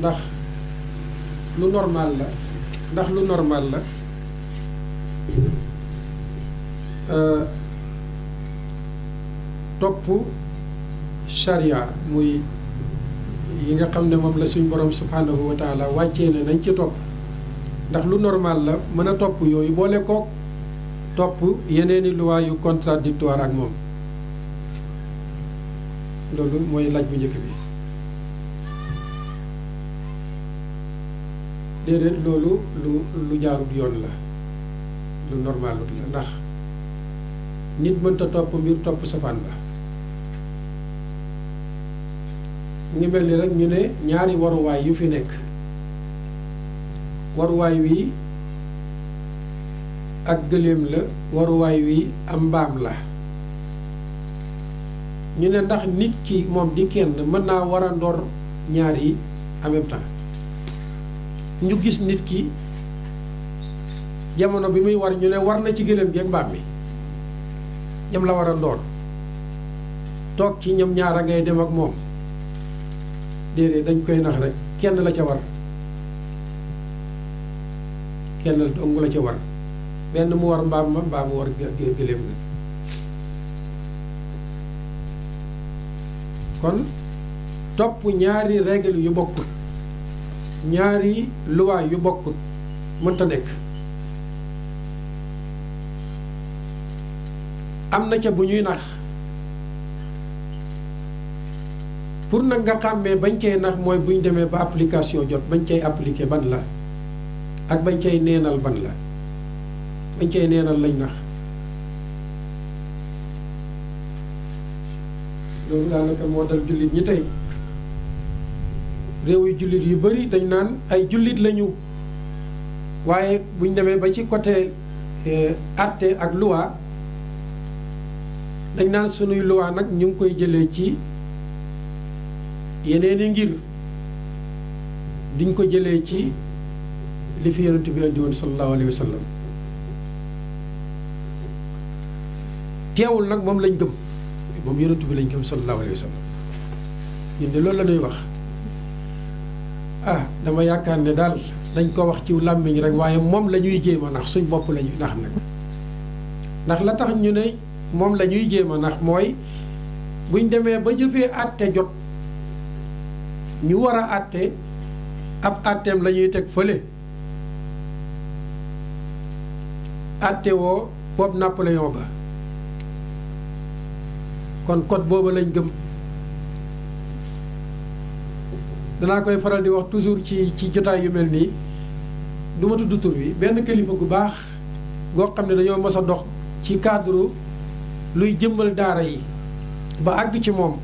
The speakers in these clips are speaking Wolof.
ndax lu normal la ndax lu normal la euh, topp charia muy yi nga xam ne moom la suñ borom subhanahu wa taala wàccee ne nañ ci topp ndax lu normal la mën a topp yooyu boole kook topp yeneeni loi yu contradictoire ak moom loolu mooy laaj bu njëkk bi déedéet loolu lu lu jaarut yoon la lu normalut la ndax nit mënta topp mbir topp safaan ba ngi mel ni rek ñu ne ñaari waruwaay yu fi nekk waruwaay wii ak gëléem la waruwaay wii am mbaam la ñu ne ndax nit ki moom di kenn mën naa war a ndoor ñaari yi en ñu gis nit ki jamono bi muy war ñu ne war na ci gëléem gi ak mbaam mi ñoom la war a doon toog ci ñam ñaar a ngay dem ak moom déedéet dañ koy nax rek kenn la ca war kenn dong la ca war benn mu war mbaam ma mbaa mu war gëléem ga kon topp ñaari règle yu bokkul ñaari luwaay yu bokkut mënta nekk am na ca bu ñuy nax pour nag nga xàmmee bañ cay nax mooy buñ demee ba application jot bañ cay appliqué ban la ak bañ cay neenal ban la bañ cay neenal lañ nax loolu daanaka moo dal jullit ñi tey réew jullit yu bari dañ naan ay jullit lañu waaye buñ demee ba ci côté àtte eh, ak loi dañ naan sunuy loi nag ñu ngi koy jëlee ci yeneeni ngir diñ ko jëlee ci li fi yonent bi andi woon sallallahu alayhi wa sallam teewul nag moom lañ gëm moom yonent bi lañ gëm sallallahu alayhi wa sallam ñun loolu la ñuy wax ah dama yaakaar ne daal dañ ko wax ci làmmiñ rek waaye moom la ñuy jéem a nax suñ bopp la ñuy nax nag ndax la tax ñu ne moom la ñuy jéem a nax mooy buñ demee ba jëfee àtte jot ñu war a àtte ab àtteem lañuy teg fële àtte woo boobu Napoléon ba kon code boobu lañ gëm danaa koy faral di wax toujours ci ci jotaay yu mel nii du ma tudd tur wi benn kilifa gu baax goo xam ne dañoo mos a dox ci cadre luy jëmbal daara yi ba àgg ci moom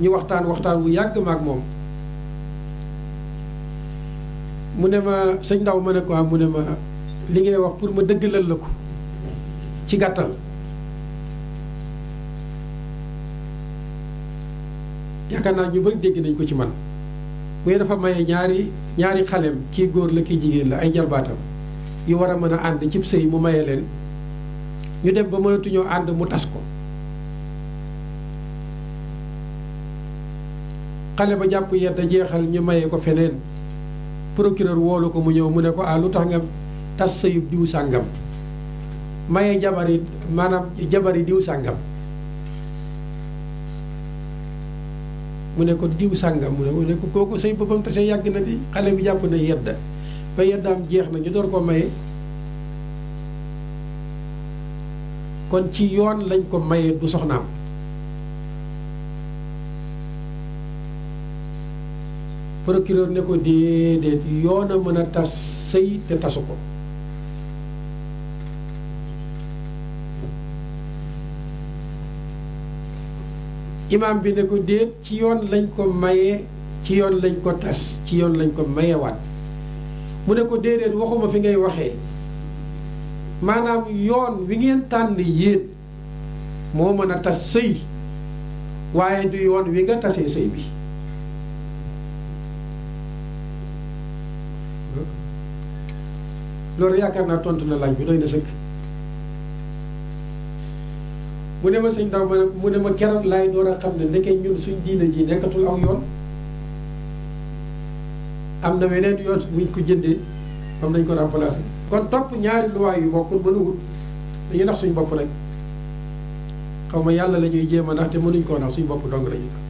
ñu waxtaan waxtaan wu yàgg ma ak moom mu ne ma sëñ ndaw ma ne ko ah, mu ne ma li ngay wax pour ma dëggalal la ko ci gàttal yaakaar naa ñu bëri dégg nañ ko ci man bu dafa maye ñaari ñaari xaleem kii góor la kii jigéen la ay jarbaatam yu war a mën a ànd cib sëy mu maye leen ñu dem ba mënatuñoo ànd mu tas ko xale ba jàpp yedda jeexal ñu maye ko feneen procureur woolu ko mu ñëw mu ne ko ah lu tax nga tas sëyub diwu sàngam maye jabari maanaam jabari diw sàngam mu ne ko diw sàngam mu ne mu ne ko kooku say boppam te say yàgg na di xale bi jàpp na yedda ba yeddaam jeex na ñu door ko maye kon ci yoon lañ ko maye du soxnaam procureur ne ko déedéet yoon a mën a tas sëy te tasu ko imaam bi ne ko déet ci yoon lañ ko mayee ci yoon lañ ko tas ci yoon lañ ko mayewaat mu ne ko déedéet waxuma fi ngay waxee maanaam yoon wi ngeen tànn yéen moo mën a tas sëy waaye du yoon wi nga tasee sëy bi loolu yaakaar naa tontu la laaj bi doy na sëkk mu ne ma sëñ Ndaw ma ne mu ne ma keroog laay door a xam ne ndeke ñun suñ diine ji nekkatul aw yoon am na weneen yoon muñ ko jëndee am nañ ko remplacé kon topp ñaari luwaay yu bokkul mënuwul dañu nax suñ bopp rek xaw ma yàlla la ñuy jéem a nax te mënuñ koo nax suñ bopp dong la ñuy